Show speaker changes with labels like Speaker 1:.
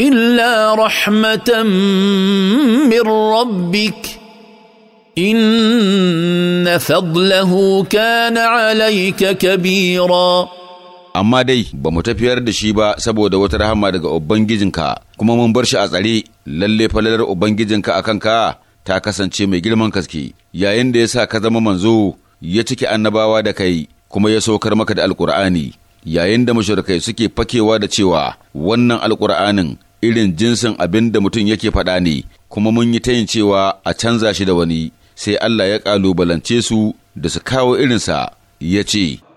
Speaker 1: الا رحمه من ربك
Speaker 2: ان فضله كان عليك كبيرا amma dai ba mu tafiyar da shi ba saboda wata rahama daga ubangijinka kuma mun bar shi a tsare lalle falalar ubangijinka a kanka ta kasance mai girman gaske yayin da ya sa ka zama manzo ya cike annabawa da kai kuma ya saukar maka da alkur'ani yayin da mashirkai suke fakewa da cewa wannan alkur'anin irin jinsin abin da mutum yake faɗa ne kuma mun yi tayin cewa a canza shi da wani sai Allah ya ƙalubalance su da su kawo irinsa ya ce